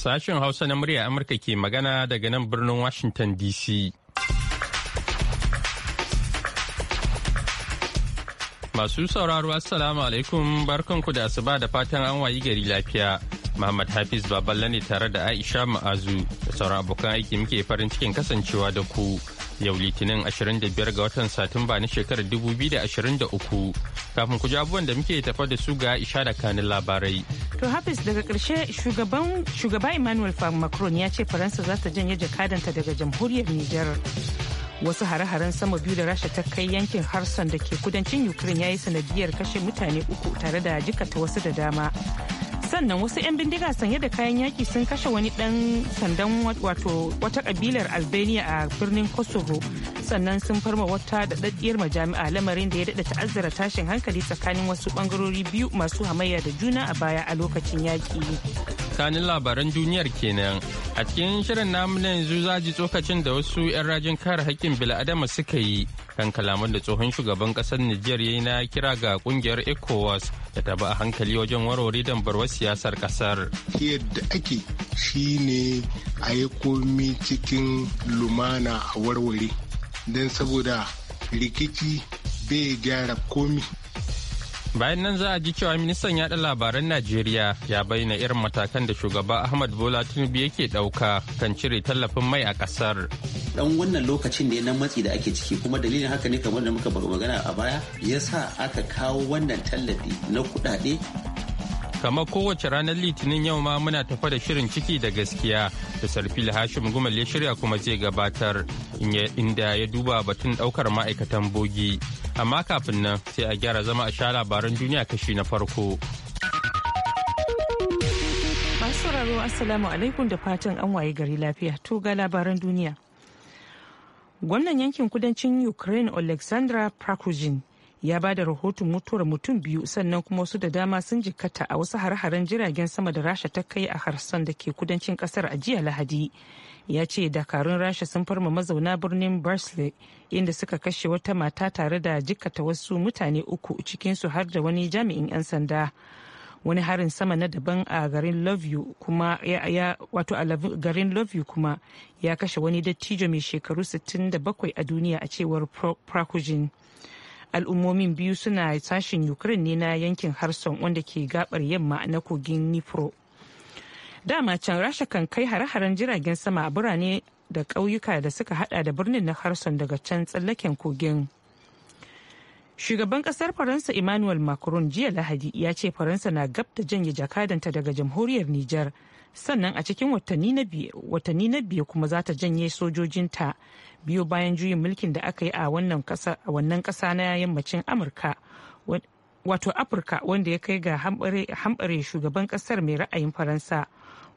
Sashen Hausa na murya Amurka ke magana daga nan birnin Washington DC. Masu sauraro Assalamu alaikum barkanku da asuba da fatan an wayi gari lafiya. Muhammad Hafiz baballa ne tare da Aisha Ma'azu da sauran abokan aiki muke farin cikin kasancewa da ku. yau litinin 25 ga watan satumba na shekarar 2023 kafin ku ji da muke tafa da su ga isha da kanin labarai. To Hafiz daga karshe shugaba Emmanuel Macron ya ce Faransa za ta janye jakadanta daga jamhuriyar niger Wasu hare-haren sama biyu da rasha ta kai yankin Harson da ke kudancin Ukraine ya yi sanadiyar kashe mutane uku tare da jikata wasu da dama. sannan wasu 'yan bindiga sanye da kayan yaki sun kashe wani dan sandan wato wata kabilar albania a birnin kosovo sannan sun farma wata daɗaɗɗiyar majami'a lamarin da ya daɗa ta'azzara tashin hankali tsakanin wasu ɓangarori biyu masu hamayya da juna a baya a lokacin yaƙi. tsakanin labaran duniyar kenan a cikin shirin namu na yanzu ji tsokacin da wasu 'yan rajin kare haƙƙin bil'adama suka yi kan kalaman da tsohon shugaban ƙasar Nijar ya na kira ga ƙungiyar ECOWAS da ta a hankali wajen warware dambarwar siyasar ƙasar. Yadda ake shi ne a yi komi cikin lumana a warware don saboda rikici bai gyara komi bayan nan za a ji cewa ministan yaɗa labaran najeriya ya bayyana irin matakan da shugaba ahmad bola tinubu yake ɗauka kan cire tallafin mai a ƙasar dan wannan lokacin ne na matsi da ake ciki kuma dalilin haka ne kamar da muka magana a baya ya sa aka kawo wannan tallafi na kudade. kamar kowace ranar litinin yau ma muna tafa da shirin ciki da gaskiya da sarfil hashim gumal ya shirya kuma zai gabatar inda ya duba batun daukar ma'aikatan bogi amma kafin nan sai a gyara zama a sha labaran duniya kashi na farko. Masu sauraro Assalamu alaikum da fatan an waye gari lafiya to ga labaran duniya. Gwamnan yankin kudancin Ukraine Alexandra Prakujin ya ba da rahoton mutuwar mutum biyu sannan kuma wasu da dama sun jikkata a wasu har haren jiragen sama da rasha ta kai a harsan da ke kudancin kasar a jiya lahadi ya ce dakarun rasha sun farma mazauna birnin barsley inda suka kashe wata mata tare da jikata wasu mutane uku cikinsu har da wani jami'in 'yan sanda wani harin sama na daban a garin loveview kuma ya wato a garin loveview kuma ya kashe wani dattijo mai shekaru 67 a duniya a cewar prakujin al'ummomin biyu suna sashen ukraine ne na yankin harson wanda ke gabar yamma na kogin nipro dama can rasha kan kai hare-haren jiragen sama a birane da ƙauyuka da suka hada da birnin na harson daga can tsallaken kogin shugaban kasar faransa emmanuel macron jiya lahadi ya ce faransa na gab da janye jakadanta daga jamhuriyar niger sannan a cikin watanni na biyu kuma za ta janye sojojinta biyu bayan juyin mulkin da aka yi a wannan kasa na yammacin amurka wato afirka wanda ya kai ga hambare shugaban kasar mai ra'ayin faransa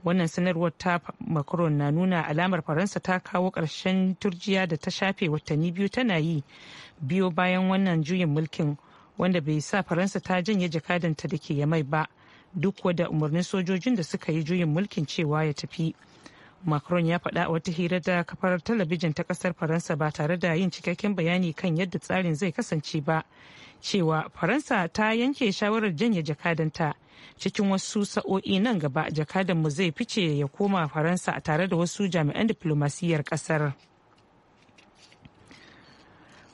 wannan sanarwar ta macron na nuna alamar faransa ta kawo ƙarshen turjiya da ta shafe watanni biyu tana yi biyo bayan wannan juyin mulkin wanda bai sa faransa ta janye jakadanta da ke yamai ba duk wada umarnin sojojin da suka yi juyin mulkin cewa ya tafi macron ya faɗa wata hira da kafar talabijin ta ƙasar faransa ba tare da yin cikakken bayani kan yadda tsarin zai kasance ba cewa faransa ta yanke shawarar janye jakadanta cikin wasu sa'o'i nan gaba mu zai fice ya koma faransa tare da wasu jami'an diflomasiyyar kasar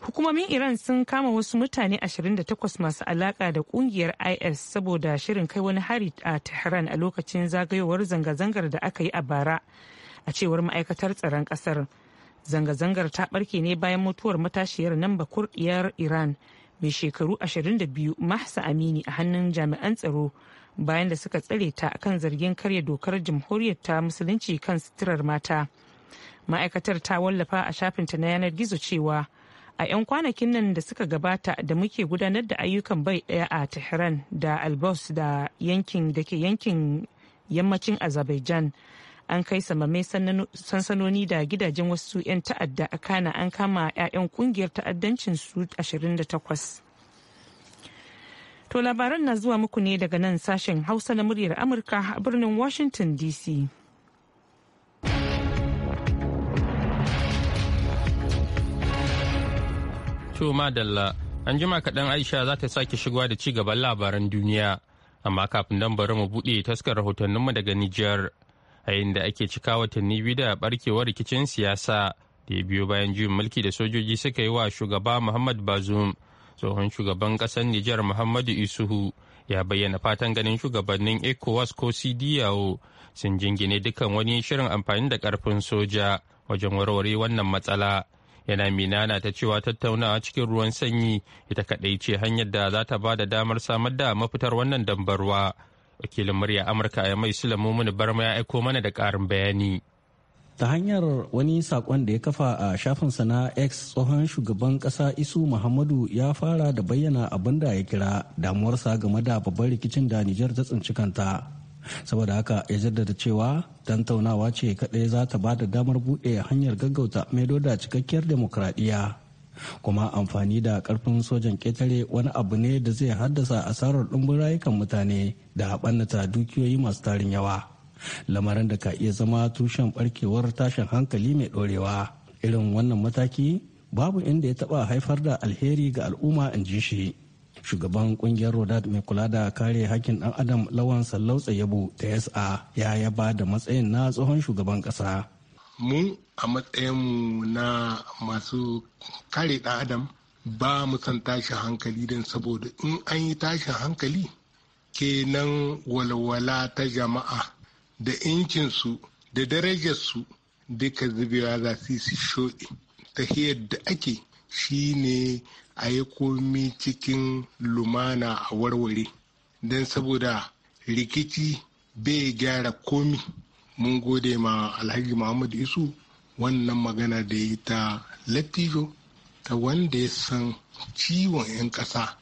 hukumomin iran sun kama wasu mutane 28 masu alaka da kungiyar is saboda shirin kai wani hari a tehran a lokacin zagayowar zanga-zangar da aka yi a bara a cewar ma'aikatar tsaron kasar zanga-zangar ta barke ne bayan mutuwar matashiyar nan bakurdiyar iran mai shekaru 22 mahsa amini a hannun jami'an tsaro bayan da suka tsare ta kan zargin karya dokar jamhuriyar ta musulunci kan suturar mata ma'aikatar ta wallafa a shafinta na yanar gizo cewa a 'yan kwanakin nan da suka gabata da muke gudanar da ayyukan bai daya a tehran da albos da yankin da ke yankin yammacin azerbaijan an kai samame sansanoni da gidajen wasu 'yan ta'adda a kana an kama 'ya'yan kungiyar ta'addancin su 28 To labaran na zuwa muku ne daga nan sashen Hausa na muryar Amurka a birnin Washington DC. To madalla, an jima kaɗan Aisha za ta sake shigowa da ci gaban labaran duniya, amma kafin nan bari mu buɗe taskar rahotanninmu daga Nijar, a da ake cika watanni biyu da barkewar rikicin siyasa da ya biyo bayan juyin mulki da sojoji suka yi wa shugaba Muhammad Bazoum. tsohon shugaban ƙasar Nijar Muhammadu Isuhu ya bayyana fatan ganin shugabannin ECOWAS ko CDAO sun jingine dukkan wani shirin amfani da ƙarfin soja wajen warware wannan matsala. Yana minana ta cewa tattaunawa cikin ruwan sanyi ita kaɗai ce hanyar da za ta ba da damar samar da mafitar wannan dambarwa. Wakilin murya Amurka ya mai bar Barma ya aiko mana da ƙarin bayani. ta hanyar wani sakon da ya kafa a shafin na x tsohon shugaban kasa isu muhammadu ya fara da bayyana abin da ya kira damuwarsa game da babban rikicin da nijar ta tsinci kanta saboda haka ya jaddada cewa tantaunawa ce kadai za ta ba da damar buɗe hanyar gaggauta maido da cikakkiyar demokradiyya kuma amfani da karfin sojan ketare wani abu ne da zai haddasa asarar ɗumbin rayukan mutane da haɓannata dukiyoyi masu tarin yawa lamarin da ka iya zama tushen barkewar tashin hankali mai ɗorewa irin wannan mataki babu inda ya taɓa haifar da alheri ga al'umma in ji shi shugaban kungiyar rodat mai kula da kare hakkin dan adam lawan sallautsa yabo ta yasa ya yaba da matsayin na tsohon shugaban ƙasa. mu a matsayinmu na masu kare dan adam ba mu san tashin hankali don saboda in an yi tashin hankali kenan walwala ta jama'a da incinsu da darajarsu duka zubewa za su su ta tahiyar da ake shine a yi komi cikin lumana a warware don saboda rikici bai gyara komi mun gode ma alhaji muhammadu isu wannan magana da ya yi ta latijo ta wanda ya san ciwon 'yan ƙasa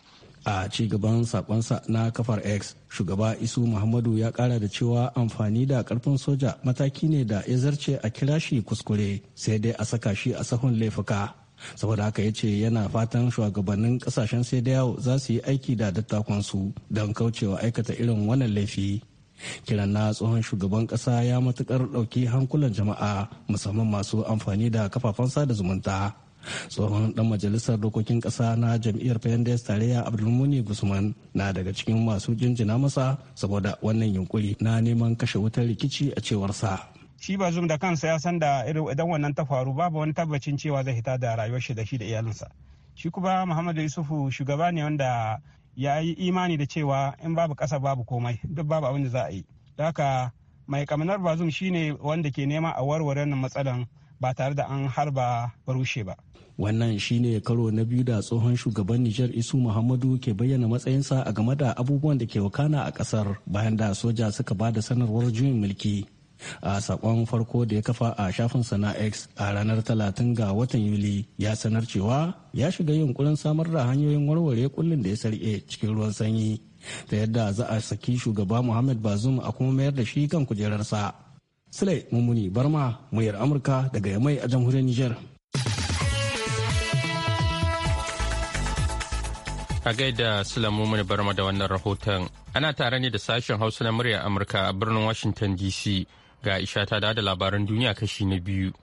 a ci gaban sakonsa na kafar x shugaba isu muhammadu ya kara da cewa amfani da karfin soja mataki ne da ya zarce a kira shi kuskure sai dai a saka shi a sahun laifuka saboda haka ya ce yana fatan shugabannin kasashen sai da yawo za su yi aiki da dattakonsu don kaucewa aikata irin wannan laifi kiran na tsohon shugaban kasa ya matukar ɗauki hankulan jama'a musamman masu amfani da kafafen sada zumunta tsohon dan majalisar dokokin kasa na jam'iyyar pendes tarayya abdulmuni guzman na daga cikin masu jinjina masa saboda wannan yunkuri na neman kashe wutar rikici a cewar sa. shi ba zum da kansa ya san da idan wannan ta faru babu wani tabbacin cewa zai hita da rayuwar shi da shi da iyalinsa shi kuma muhammadu yusufu shugaba ne wanda ya yi imani da cewa in babu kasa babu komai duk babu abin da za a yi haka mai kamanar bazum shine wanda ke nema a warware wannan matsalan ba tare da an harba barushe ba wannan shine karo na biyu da tsohon shugaban nijar isu muhammadu ke bayyana matsayinsa a game da abubuwan da ke wakana a kasar bayan da soja suka ba da sanarwar juyin mulki a sakon farko da ya kafa a shafin sana x a ranar 30 ga watan yuli ya sanar cewa ya shiga yunkurin samar da hanyoyin warware kullum da ya sarke cikin ruwan sanyi ta yadda za a saki shugaba muhammad bazum a kuma mayar da shi kan kujerarsa sule mummuni barma muyar amurka daga yamai a jamhuriyar nijar. A gaida Sulamu Muni Barma da wannan rahoton. Ana tare ne da sashen Hausa na murya Amurka a birnin Washington DC ga Aisha ta da labaran duniya kashi na biyu.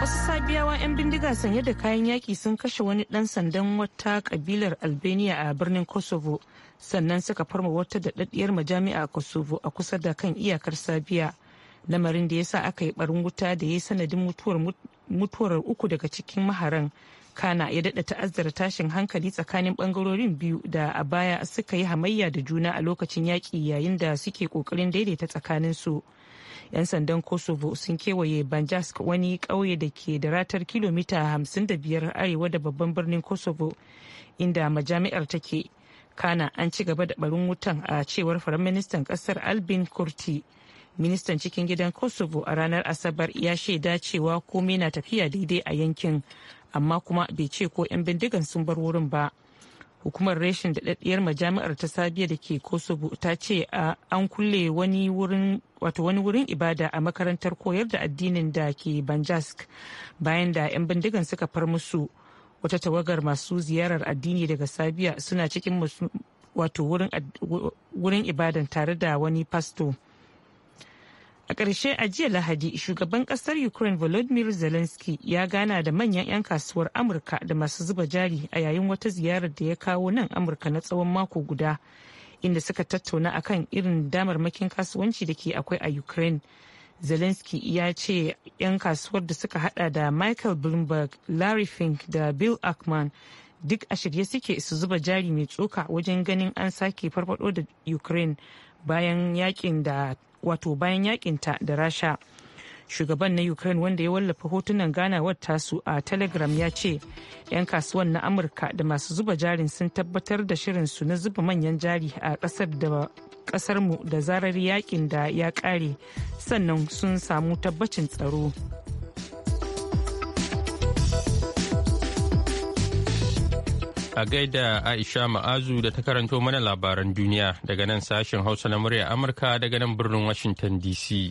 Wasu sabiyawa 'yan bindiga sanye da kayan yaki sun kashe wani ɗan sandan wata kabilar Albania a birnin Kosovo sannan suka farma wata daɗaɗɗiyar majami'a a Kosovo a kusa da kan iyakar Sabiya. Lamarin da ya sa aka yi barin wuta da ya yi sanadin mutuwar uku daga cikin maharan kana ya daɗa ta'azzara tashin hankali tsakanin ɓangarorin biyu da a baya suka yi hamayya da juna a lokacin yaƙi yayin da suke ƙoƙarin daidaita tsakaninsu. 'Yan sandan Kosovo sun kewaye banjas wani ƙauye da ke da ratar kilomita 55 arewa da babban birnin Kosovo inda majami'ar take. Kana an ci gaba da barin wutan a cewar Firaministan ƙasar Albin Kurti. Ministan cikin gidan Kosovo a ranar Asabar ya shaida cewa komai na tafiya daidai a yankin amma kuma bai ce ko 'yan bindigan sun bar wurin ba hukumar reshen daɗaɗɗiyar majami'ar ta sabiya da ke kosovo ta ce an kulle wani wurin ibada a makarantar koyar da addinin da ke banjask bayan da 'yan bindigan suka far musu wata tawagar masu ziyarar addini daga sabiya suna cikin wato wurin ibadan tare da wani pasto A ƙarshe a jiya Lahadi, shugaban ƙasar Ukraine Volodymyr Zelensky ya gana da manyan 'yan kasuwar Amurka da masu zuba jari a yayin wata ziyarar da ya kawo nan Amurka na tsawon mako guda, inda suka tattauna akan irin damarmakin kasuwanci da ke akwai a Ukraine. Zelensky ya ce 'yan kasuwar da suka hada da Michael Bloomberg, Larry Fink da Bill Ackman duk a shirye suke su zuba jari mai tsoka wajen ganin an sake farfado da Ukraine bayan yakin da wato bayan ta da rasha shugaban na ukraine wanda ya wallafa hotunan ganawar su a telegram ya ce 'yan kasuwan na amurka da masu zuba jarin sun tabbatar da shirinsu na zuba manyan jari a kasar mu da zarar yakin da ya kare sannan sun samu tabbacin tsaro. A gaida Aisha Ma'azu da ta karanto mana labaran duniya daga nan sashen Hausa na murya Amurka daga nan birnin Washington DC.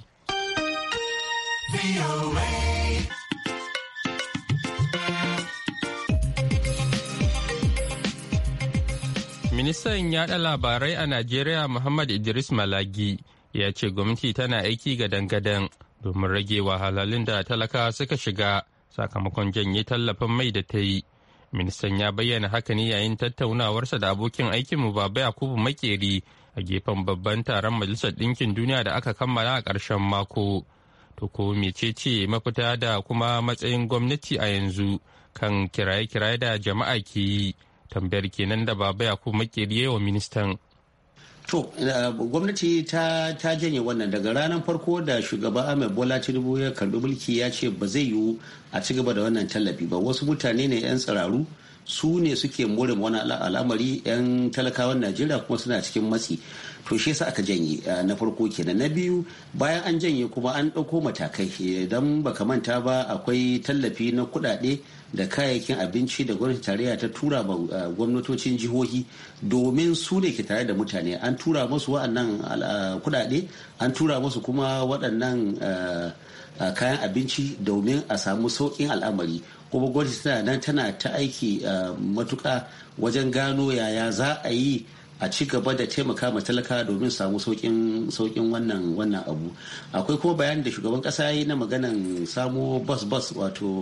Ministan yaɗa labarai a Najeriya Muhammad Idris Malagi ya ce gwamnati tana aiki ga dangadan domin rage wahalhalun da talaka suka shiga sakamakon janye tallafin mai da ta yi. ministan ya bayyana haka ne yayin tattaunawarsa da abokin aikinmu baba yakubu makeri a gefen babban taron majalisar ɗinkin duniya da aka kammala a ƙarshen mako to ko ce mafita da kuma matsayin gwamnati a yanzu kan kiraye-kiraye da jama'a ke yi tambayar kenan da baba yakubu makeri wa ministan To, gwamnati ta janye wannan daga ranar farko da shugaba Ahmed Bola Tinubu ya karbi mulki ya ce ba zai yiwu a ci gaba da wannan tallafi ba. Wasu mutane ne 'yan tsiraru su ne suke more wani al'amari 'yan talakawan Najeriya kuma suna cikin matsi. To shi yasa aka janye na farko kenan. Na biyu bayan an janye kuma an ɗauko matakai idan baka manta ba akwai tallafi na kuɗaɗe da kayayyakin abinci da gwamnati tarayya ta tura ba uh, gwamnatocin jihohi domin su ne ke tare da mutane an tura musu waɗannan uh, kuɗaɗe an tura musu kuma waɗannan uh, kayan abinci domin a samu sauƙin al'amari kuma gwamnati tana nan tana ta aiki matuka wajen gano yaya za a yi a ci gaba da taimaka ma talaka domin samu saukin wannan wannan abu akwai kuma bayanin da shugaban kasa yi na maganan samo bus bus wato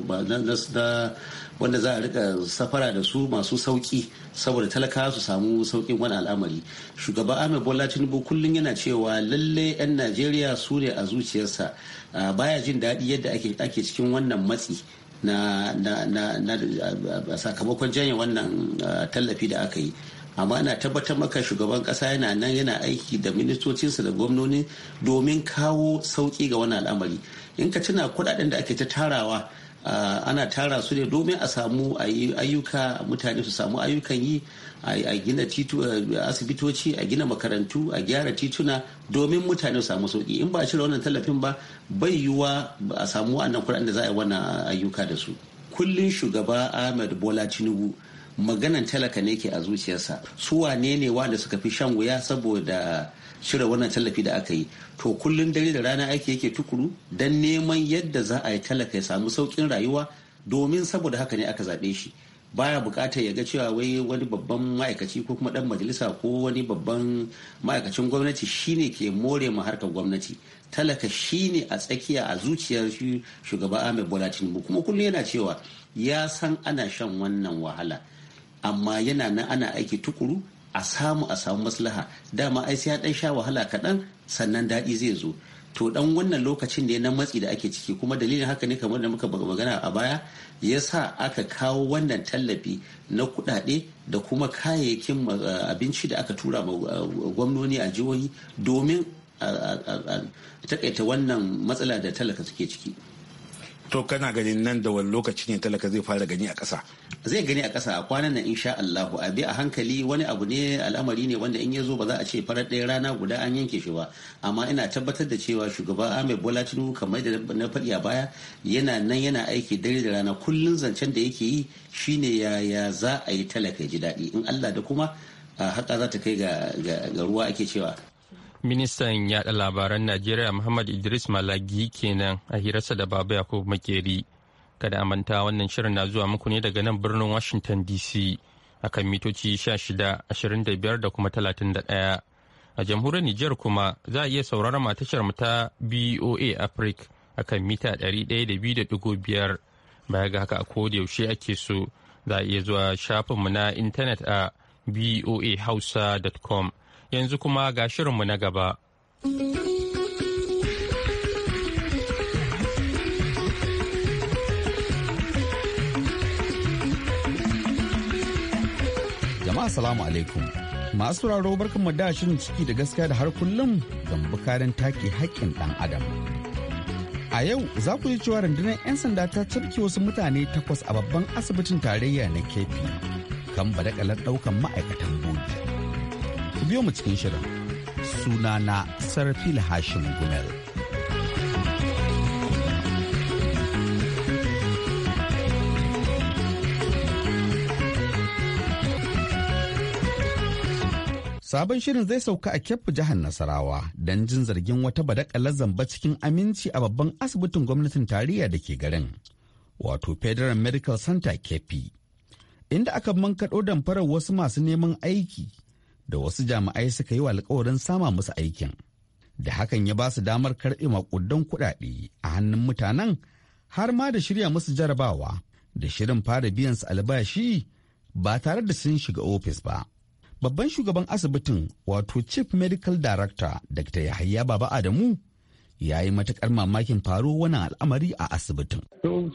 wanda za a rika safara da su masu sauki saboda talaka su samu saukin wani al'amari shugaba ahmed bola tinubu kullum yana cewa lalle 'yan najeriya su ne a zuciyarsa baya jin daɗi yadda ake cikin wannan matsi na sakamakon janye wannan tallafi da aka yi amma na tabbatar maka shugaban kasa yana nan yana aiki da ministocinsa da gwamnoni domin kawo sauki ga wani al'amari in ka tuna kudaden da ake ta tarawa ana tara su ne domin a samu ayyuka mutane su samu ayyukan yi a gina asibitoci a gina makarantu a gyara tituna domin mutane su samu sauki in ba a cire wannan tallafin ba bai yiwuwa a samu wannan kudaden da za a yi wannan ayyuka da su kullum shugaba ahmed bola tinubu maganan talaka ne ke a zuciyarsa su wane ne wanda suka fi shan wuya saboda cire wannan tallafi da aka yi to kullum dare da rana aiki yake tukuru don neman yadda za a yi talaka ya samu saukin rayuwa domin saboda haka ne aka zaɓe shi baya bukatar ya ga cewa wai wani babban ma'aikaci ko kuma dan majalisa ko wani babban ma'aikacin gwamnati shine ke more ma harkar gwamnati talaka shine a tsakiya a zuciyar shugaba ahmed bola kuma kullum yana cewa ya san ana shan wannan wahala amma yana nan ana aiki tukuru a samu a samu maslaha dama ai sai dan sha wahala kaɗan sannan daɗi zai zo to dan wannan lokacin ne na matsi da ake ciki kuma dalilin haka ne kamar da muka magana a baya ya sa aka kawo wannan tallafi na kuɗaɗe da kuma kayayyakin abinci da aka tura ma gwamnoni a jihohi domin a taƙaita wannan matsala da talaka suke ciki to kana ganin nan da wani lokaci ne talaka zai fara gani a ƙasa zai gani a ƙasa a kwanan nan insha Allah a bi a hankali wani abu ne al'amari ne wanda in ya zo ba za a ce farar ɗaya rana guda an yanke shi ba amma ina tabbatar da cewa shugaba Ahmed Bola Tinubu kamar da na faɗi a baya yana nan yana aiki dare da rana kullun zancen da yake yi shine ya ya za a yi talaka ji daɗi in Allah da kuma haka za ta kai ga ruwa ake cewa Ministan yaɗa labaran Najeriya Muhammad Idris Malagi kenan a hirarsa da babu yakub Makeri. Kada a manta wannan shirin na zuwa muku ne daga nan birnin Washington DC akan mitoci 16, da kuma 31. A jamhuriyar Nijar kuma za a iya sauraron matashar mu ta BOA a akan mita 102.5 baya ga haka a koda yaushe ake so za a iya zuwa shafinmu na intanet a boahausa.com yanzu kuma ga shirinmu na gaba. Jama'a salamu alaikum. Masu raro barkanmu da shirin ciki da gaskiya da har kullum don bukarin take haƙƙin ɗan adam. A yau za ku ji cewa rundunar 'yan sanda ta cafke wasu mutane takwas a babban asibitin tarayya na Kefi kan badakalar ɗaukan ma'aikatan bogi. ku biyo mu cikin shirin Suna na sarfil hashim gumel Sabon shirin zai sauka a kyaffa jihar Nasarawa don jin zargin wata badakalar zamba cikin aminci a babban asibitin gwamnatin tarayya da ke garin, wato Federal Medical Center kepi inda aka mankaɗo damfarar wasu masu neman aiki da wasu jami'ai suka yi wa alkawarin sama musu aikin da hakan ya ba su damar karɓe makudan kuɗaɗe a hannun mutanen har ma da shirya musu jarabawa da shirin fara biyan su albashi ba tare da sun shiga ofis ba babban shugaban asibitin wato chief medical director dr yahaya baba adamu ya yi matukar mamakin faro wannan al'amari a asibitin.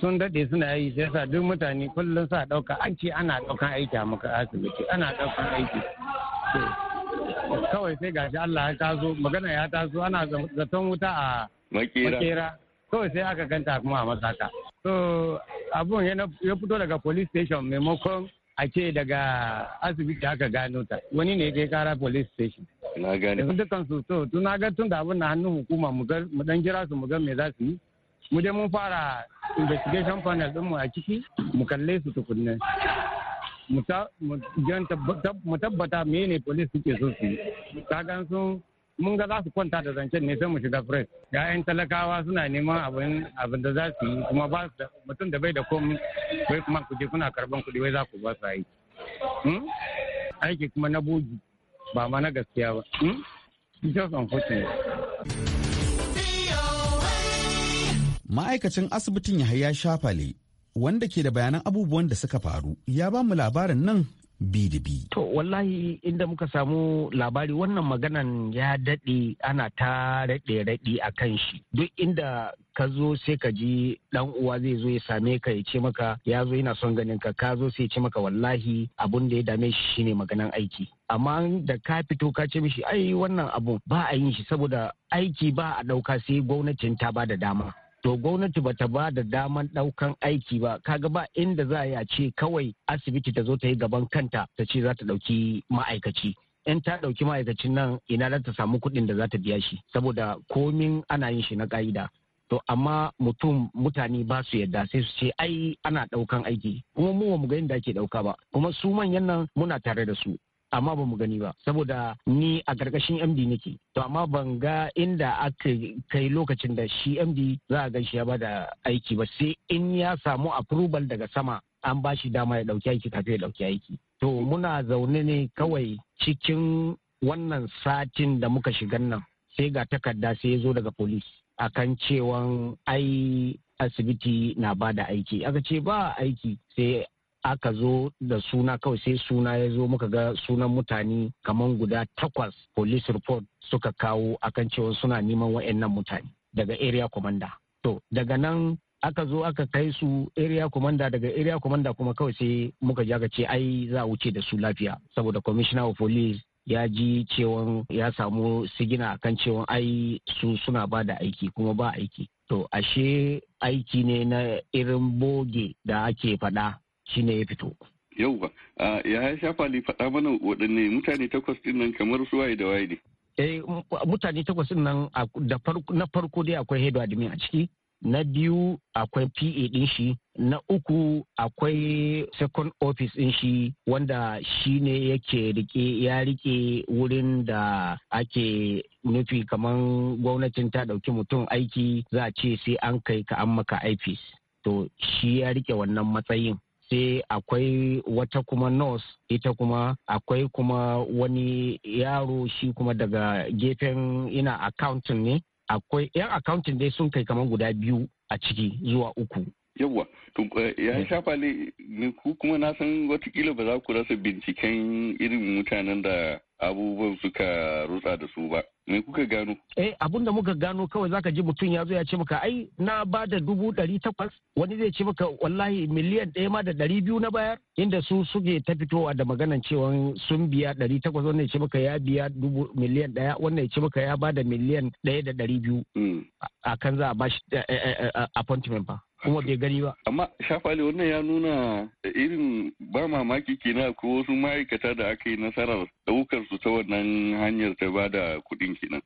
sun daɗe suna yi sai sa duk mutane kullum sa ɗauka an ce ana ɗaukan aiki a muka asibiti ana ɗaukan aiki. kawai sai gashi Allah ya taso magana ya taso ana zaton wuta a makera kawai sai aka ganta kuma a masaka so abun ya fito daga police station maimakon a ce daga asibiti aka gano ta wani ne kai kara police station na gani da dukkan su so tun na ga tun da abun na hannun hukuma mu dan jira su mu ga me za su yi mu je mun fara investigation panel din mu a ciki mu kalle su tukunne mu tabbata mene police suke so su yi kagan sun mun ga za su kwanta da zancen ne sai mu shiga press ya'yan talakawa suna neman abin abin da za su yi kuma ba mutum da bai da komai wai kuma kuje kuna karban kuɗi wai za ku ba su aiki hmm? aiki kuma na bogi ba ma na gaskiya ba hmm? just unfortunate ma'aikacin asibitin ya yahaya shafale wanda ke da bayanan abubuwan da suka faru ya ba mu labarin nan bi da bi. To wallahi inda muka samu labari wannan maganan ya daɗe ana ta raɗe raɗi a kan shi. Duk inda ka zo sai ka ji ɗan uwa zai zo ya same ka ya ce maka ya zo yana son ganin ka ka zo sai ya ce maka wallahi abun da ya dame shi shine maganan aiki. Amma da ka fito ka ce mishi ai wannan abun ba a yin shi saboda aiki ba a ɗauka sai gwamnatin ta ba da dama. to gwamnati bata ba da daman daukan aiki ba kaga ba inda za a ce kawai asibiti ta zo ta yi gaban kanta ta ce za ta dauki ma'aikaci in ta dauki ma'aikacin nan ina za ta samu kuɗin da za ta biya shi saboda komin ana yin shi na ka'ida to amma mutum mutane ba su yadda sai su ce ai ana daukan aiki kuma mu mu ga inda ake dauka ba kuma su manyan nan muna tare da su amma ba mu gani ba saboda ni a karkashin md nake to amma ban ga inda aka kai lokacin da shi md za a gan shi ya bada aiki ba sai in ya samu approval daga sama an ba shi dama ya ɗauki aiki kafin ya ɗauki aiki to muna zaune ne kawai cikin wannan satin da muka shiga nan sai ga takarda sai ya zo daga polis akan cewan ai asibiti na bada aiki aka ce ba aiki sai aka zo da suna kawai sai suna ya zo muka ga sunan mutane kamar guda takwas police report suka kawo akan cewa suna neman wa'annan mutane daga area commander to daga nan aka zo aka kai su area commander daga area commander kuma kawai sai muka ji ce ai za a wuce da su lafiya saboda commissioner of police ya ji cewan ya samu sigina akan cewan ai su suna ba da aiki kuma ba aiki to ashe aiki ne na irin boge da ake faɗa shi ne ya fito yauwa ya shafa li faɗa mana waɗanne mutane takwas ɗin nan kamar su waye da waye ne eh mutane takwas ɗin nan na farko dai akwai head admin a ciki na biyu akwai pa ɗin shi na uku akwai second office ɗin shi wanda shi ne yake rike ya rike wurin da ake nufi kamar gwamnatin ta ɗauki mutum aiki za a ce sai an kai ka an maka IPs to shi ya rike wannan matsayin sai akwai wata kuma nurse ita kuma akwai kuma wani yaro shi kuma daga gefen ina accounting ne akwai yan accounting dai sun kai kamar guda biyu a ciki zuwa uku yawwa to eh, ya hmm. shafa ne ku kuma na san watakila ba za ku rasa binciken irin mutanen da abubuwan suka rutsa da su ba me kuka gano eh abun da muka gano kawai zaka ji mutum ya zo ya ce maka ai na ba da dubu ɗari takwas wani zai ce maka wallahi miliyan ɗaya ma da ɗari biyu na bayar inda su suke ta fitowa da maganan cewa sun biya ɗari takwas wannan ya ce maka ya biya dubu miliyan ɗaya wannan ya ce maka ya ba da miliyan ɗaya da ɗari biyu hmm. a kan za a bashi eh, eh, appointment ba kuma bai gani ba. Amma shafali wannan ya nuna irin ba mamaki kenan ko wasu ma'aikata da aka yi nasarar daukar su ta wannan hanyar ta ba da kuɗin kenan.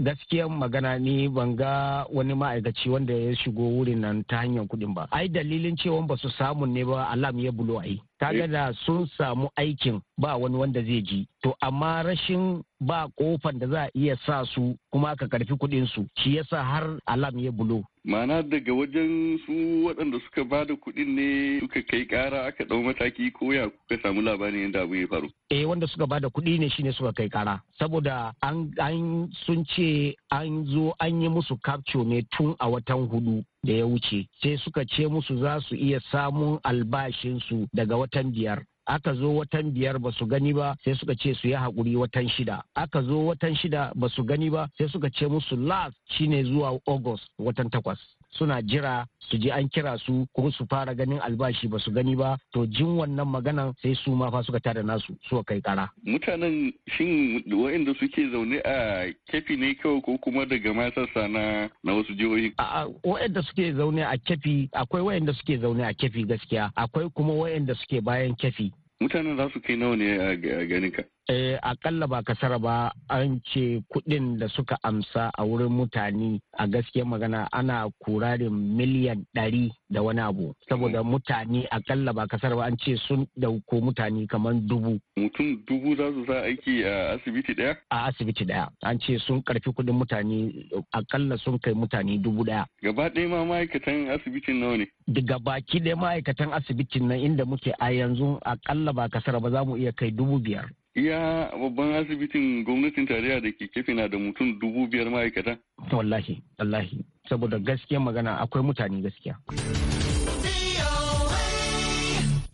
gaskiyan magana ni ban ga wani ma'aikaci wanda ya shigo wurin nan ta hanyar kuɗin ba ai dalilin cewa ba su samun ne ba alam ya bulo yi. kaga eh. da sun samu aikin ba wani wanda zai ji to amma rashin ba kofan da za a iya sa su kuma ka karfi kudin su shi yasa har alam ya bulo mana daga wajen su waɗanda suka ba da kudin ne suka kai ƙara aka ɗau mataki ko ya kuka samu labarin yadda abu ya faru eh wanda suka ba da kuɗi ne shine suka kai kara saboda an sun ce an zo an yi musu capture ne tun a watan hudu da ya wuce sai suka ce musu za su iya samun albashinsu daga watan biyar aka zo watan biyar ba su gani ba sai suka ce su yi haƙuri watan shida aka zo watan shida ba su gani ba sai suka ce musu last shine zuwa august watan takwas suna jira su je an kira su ko su fara ganin albashi ba su gani ba to jin wannan maganan sai su ma fa suka tada nasu su kai kara. Mutanen shin wa'inda suke zaune a kefi ne kawai ko kuma daga masassa na na wasu jihohi? A'a waɗanda suke zaune a kefi akwai wa'inda suke zaune a kefi gaskiya akwai kuma wa'inda suke bayan kefi. Mutanen za su kai nawa ne a ganin ka. eh, akalla ba kasara ba an ce kuɗin da suka amsa a wurin mutane a gaskiya magana ana kurarin miliyan ɗari da wani abu saboda mm. mutane akalla ba kasara ba an ce sun dauko mutane kamar dubu mutum dubu za su sa aiki a asibiti ɗaya a asibiti ɗaya an ce sun karfi kuɗin mutane akalla sun kai mutane dubu ɗaya gaba ɗaya ma ma'aikatan asibitin nawa ne daga baki ɗaya ma'aikatan asibitin nan inda muke a yanzu akalla ba kasara ba za mu iya kai dubu biyar iya babban asibitin gwamnatin tarayya da ke kefe na da mutum dubu biyar ma'aikata? wallahi wallahi saboda gaskiya magana akwai mutane gaskiya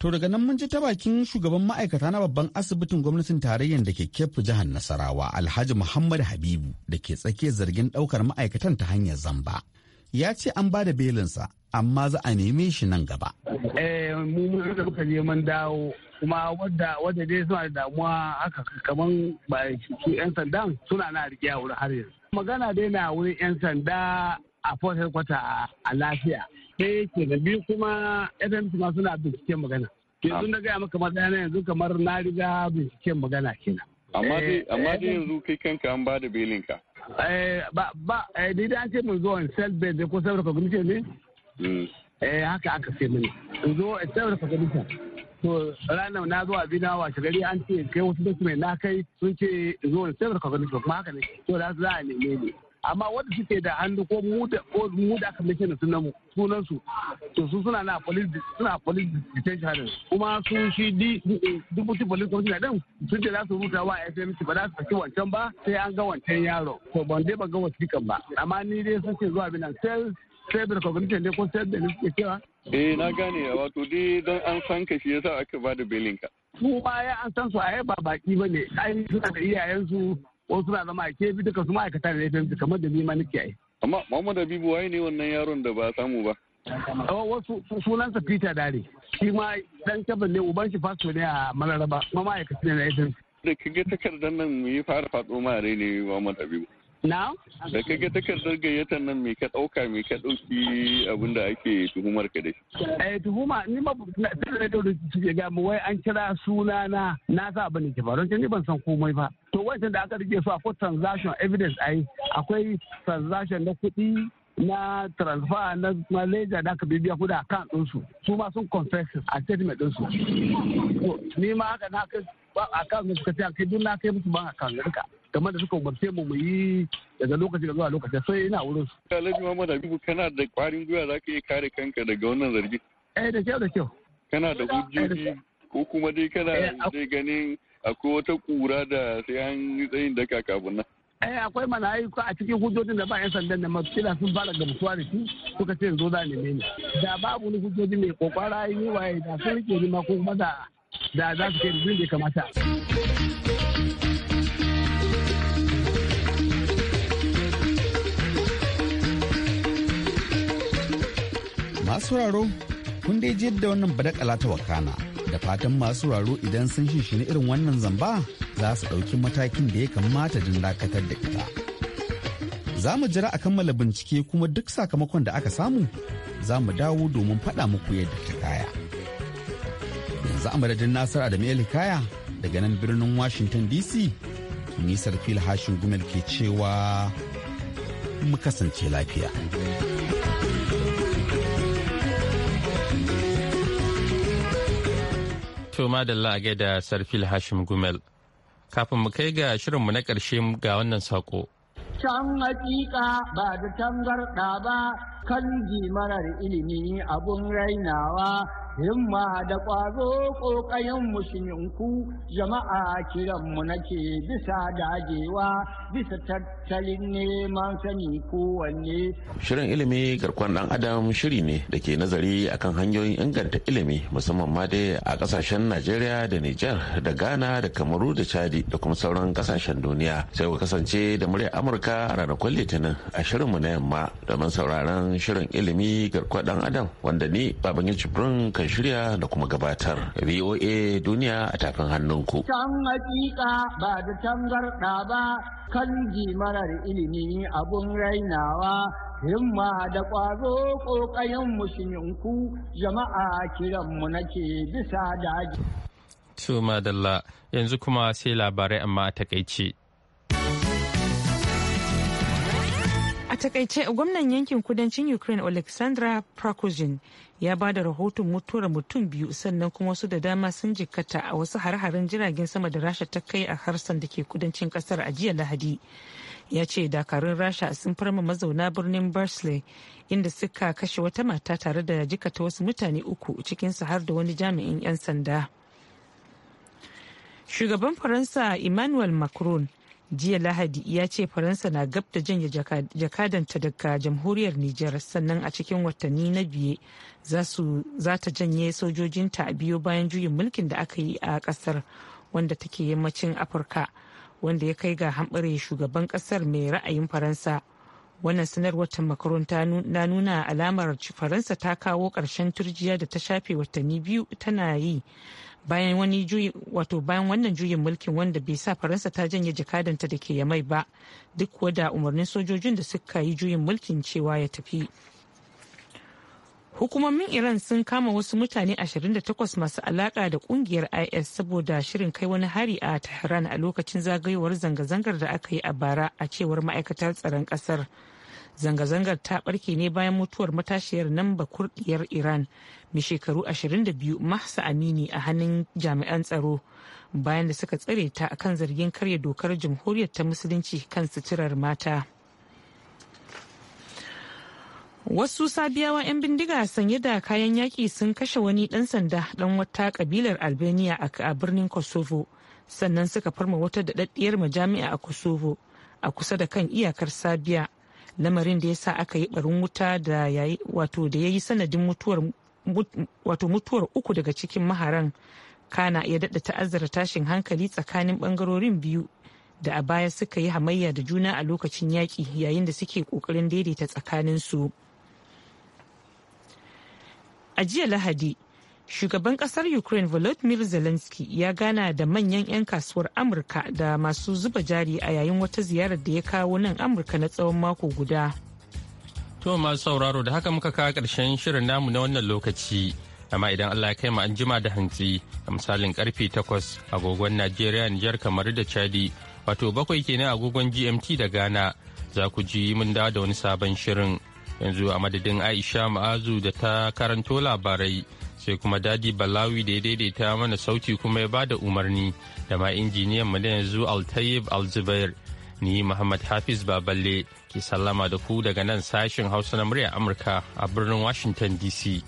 To daga nan mun ji ta bakin shugaban ma'aikata na babban asibitin gwamnatin tarayyar da ke kefu jihar Nasarawa Alhaji Muhammad Habibu da ke tsakiyar zargin daukar ma'aikatan ta hanyar zamba. Ya ce an ba da belinsa amma za a neme shi nan gaba. Eh mu mun da muka neman dawo kuma wadda wadda dai suna da damuwa haka kaman ba su yan sanda suna na rike a wurin har yanzu magana dai na wurin yan sanda a port kwata a lafiya sai ke da biyu kuma fmc ma suna binciken magana ke sun daga maka matsaya na yanzu kamar na riga binciken magana kenan amma dai eh, eh, yanzu kai kanka an ba da belin ka eh, ba ba dai da an ce mun zo in self bail ne ko self recognition ne mm. eh haka aka ce mini in zo self recognition to ranar na zuwa bina washe gari an ce kai wasu mai na kai sun ce zuwa da sai da kwamfani kuma haka ne to za a neme ne amma wanda suke da hannu ko mu da ko mu da aka mace da sunan mu sunan su to su suna na police suna police detention kuma su shi di dubuti police na din sun ce za su ruta wa FMC ba za su saki wancan ba sai an ga wancan yaro to ban dai ban ga wasiƙan ba amma ni dai sun ce zuwa bina sai sai da recognition ne ko sai da ne suke cewa eh na gane wato dai don an san ka shi yasa aka ba da belinka su ma ya an san su a ba baki ba ne ai suna da iyayensu wasu suna zama a kebi duka su ma'aikata da laifin kamar da ni ma nake ai amma Muhammad Habibu wai ne wannan yaron da ba samu ba oh, wasu sunansa Peter Dare shi ma dan taban ne uban shi fasto ne a Malaraba ma ma'aikata ne na laifin da kage takardar nan mu yi fara faɗo ma ne Muhammad Habibu Na? Da kage takardar gayyatar nan me ka ɗauka me ka ɗauki abinda ake tuhumar ka da shi. Eh tuhuma ni ma da da suke ga mu wai an kira suna na na sa abin da ke faru ni ban san komai ba. To wancan da aka rike su akwai transaction evidence ai akwai transaction na kuɗi na transfer na malaysia da aka bibiya kuda kan ɗinsu su ma sun confess a statement ɗinsu ni ma haka na kai ba a kan suka ce kai duk na kai musu ban a kan rika kamar da suka umarce mu mu yi daga lokaci da zuwa lokaci sai ina wurin su. Alhaji Muhammad Habibu kana da kwarin gwiwa za ka iya kare kanka daga wannan zargi. Eh da kyau da kyau. Kana da eh, hujjoji ko kuma dai kana eh, dai ganin akwai wata kura da sai an yi tsayin daka kafin nan. Eh akwai mana ayyuka a cikin hujjojin da ba 'yan sandan da mafila sun fara gamsuwa da shi suka ce zo za neme ni. Da babu wani hujjoji mai kokwara yi waye da sun rike ni ma ko kuma da za su kai da kamata. Masu raro, kun dai ji da wannan badakala ta wakana. Da fatan masu raro idan sun shishini irin wannan zamba za su ɗauki matakin da ya kamata don dakatar da ita. Za mu jira a kammala bincike kuma duk sakamakon da aka samu za mu dawo domin faɗa muku yadda ta kaya. Yanzu a madadin Nasar Adamu Kaya daga nan birnin Washington DC, nisar fil hashin gumel ke cewa mu kasance lafiya. To da a gaida Sarfil Hashim Gumel. Kafin mu kai ga shirinmu na ƙarshe ga wannan saƙo. Can hakika ba da tangarɗa ba kan marar ilimi abun rainawa himma da ƙwazo ƙoƙayen musulminku jama'a kiranmu nake bisa dajewa bisa tattalin neman sani kowanne. Shirin ilimi garkon ɗan adam shiri ne da ke nazari akan hanyoyin inganta ilimi musamman ma dai a kasashen Najeriya da Nijar da Ghana da Kamaru da Chadi da kuma sauran ƙasashen duniya. Sai ku kasance da muryar Amurka a ranakun Litinin a shirinmu na yamma domin sauraron shirin ilimi garkon ɗan adam wanda ni Babangin Cibrin kai. shirya da kuma gabatar. VOA duniya a tafin hannunku. Can hakika ba da tangarɗa ba kan marar ilimi abun rainawa himma da ƙwazo ƙoƙayen musulunku jama'a kiranmu nake bisa daji. To madalla yanzu kuma sai labarai amma a takaice. A takaice gwamnan yankin kudancin Ukraine Alexandra Prokuzhin ya ba da rahoton mutuwar mutum biyu sannan kuma wasu da dama sun jikkata a wasu har-harin jiragen sama da Rasha ta kai a harsan da ke kudancin kasar a jiya Lahadi. Ya ce dakarun Rasha sun farma mazauna birnin Bursley inda suka kashe wata mata tare da jikata wasu mutane uku cikinsu har da wani jami'in 'yan sanda. Shugaban Faransa Emmanuel Macron jiya lahadi ya ce faransa na gab da janye jakadanta daga jamhuriyar nijar sannan a cikin watanni na biye za ta janye sojojinta a biyo bayan juyin mulkin da aka yi a kasar wanda take yammacin afirka wanda ya kai ga hambare shugaban kasar mai ra'ayin faransa wannan sanarwar ta makaranta na nuna alamar faransa ta kawo ƙarshen turjiya da ta shafe watanni biyu tana yi bayan wani juyin wato bayan wannan juyin mulkin wanda bai sa faransa ta janye jakadanta da ke yamai ba duk kuwa da umarnin sojojin da suka yi juyin mulkin cewa ya tafi hukumomin iran sun kama wasu mutane 28 masu alaka da kungiyar is saboda shirin kai wani hari a tehran a lokacin zagayowar zanga-zangar da aka yi a bara a cewar ma'aikatar tsaron kasar. zanga-zangar ta barke ne bayan mutuwar matashiyar nan bakurdiyar iran mai shekaru 22 mahsa amini a hannun jami'an tsaro bayan da suka tsare ta akan zargin karya dokar jamhuriyar ta musulunci kan suturar mata wasu sabiyawa 'yan bindiga sanye da kayan yaƙi sun kashe wani ɗan sanda ɗan wata kabilar albania a birnin kosovo sannan suka farma wata daɗaɗɗiyar majami'a a kosovo a kusa da kan iyakar sabiya lamarin da ya sa aka yi barin wuta da wato da ya yi sanadin mutuwar wato mutuwar uku daga cikin maharan kana iya daɗa ta'azzara tashin hankali tsakanin ɓangarorin biyu da a baya suka yi hamayya da juna a lokacin yaƙi yayin da suke ƙoƙarin daidaita tsakanin su A jiya Lahadi, shugaban kasar ukraine volodymyr zelensky ya gana da manyan 'yan kasuwar amurka da masu zuba jari a yayin wata ziyarar da ya kawo nan amurka na tsawon mako guda to masu sauraro da haka muka kawo karshen shirin namu na wannan lokaci amma idan allah ya kai mu an jima da hantsi a misalin karfe 8 agogon najeriya niger kamar da chadi wato bakwai kenan agogon gmt da ghana za ku ji mun dawo da wani sabon shirin yanzu a madadin aisha ma'azu da ta karanto labarai sai kuma dadi balawi da ya daidaita mana sauti kuma ya ba da umarni da ma injiniyan mu da yanzu altayib alzubair ni muhammad hafiz baballe ke sallama da ku daga nan sashen hausa na murya amurka a birnin washington dc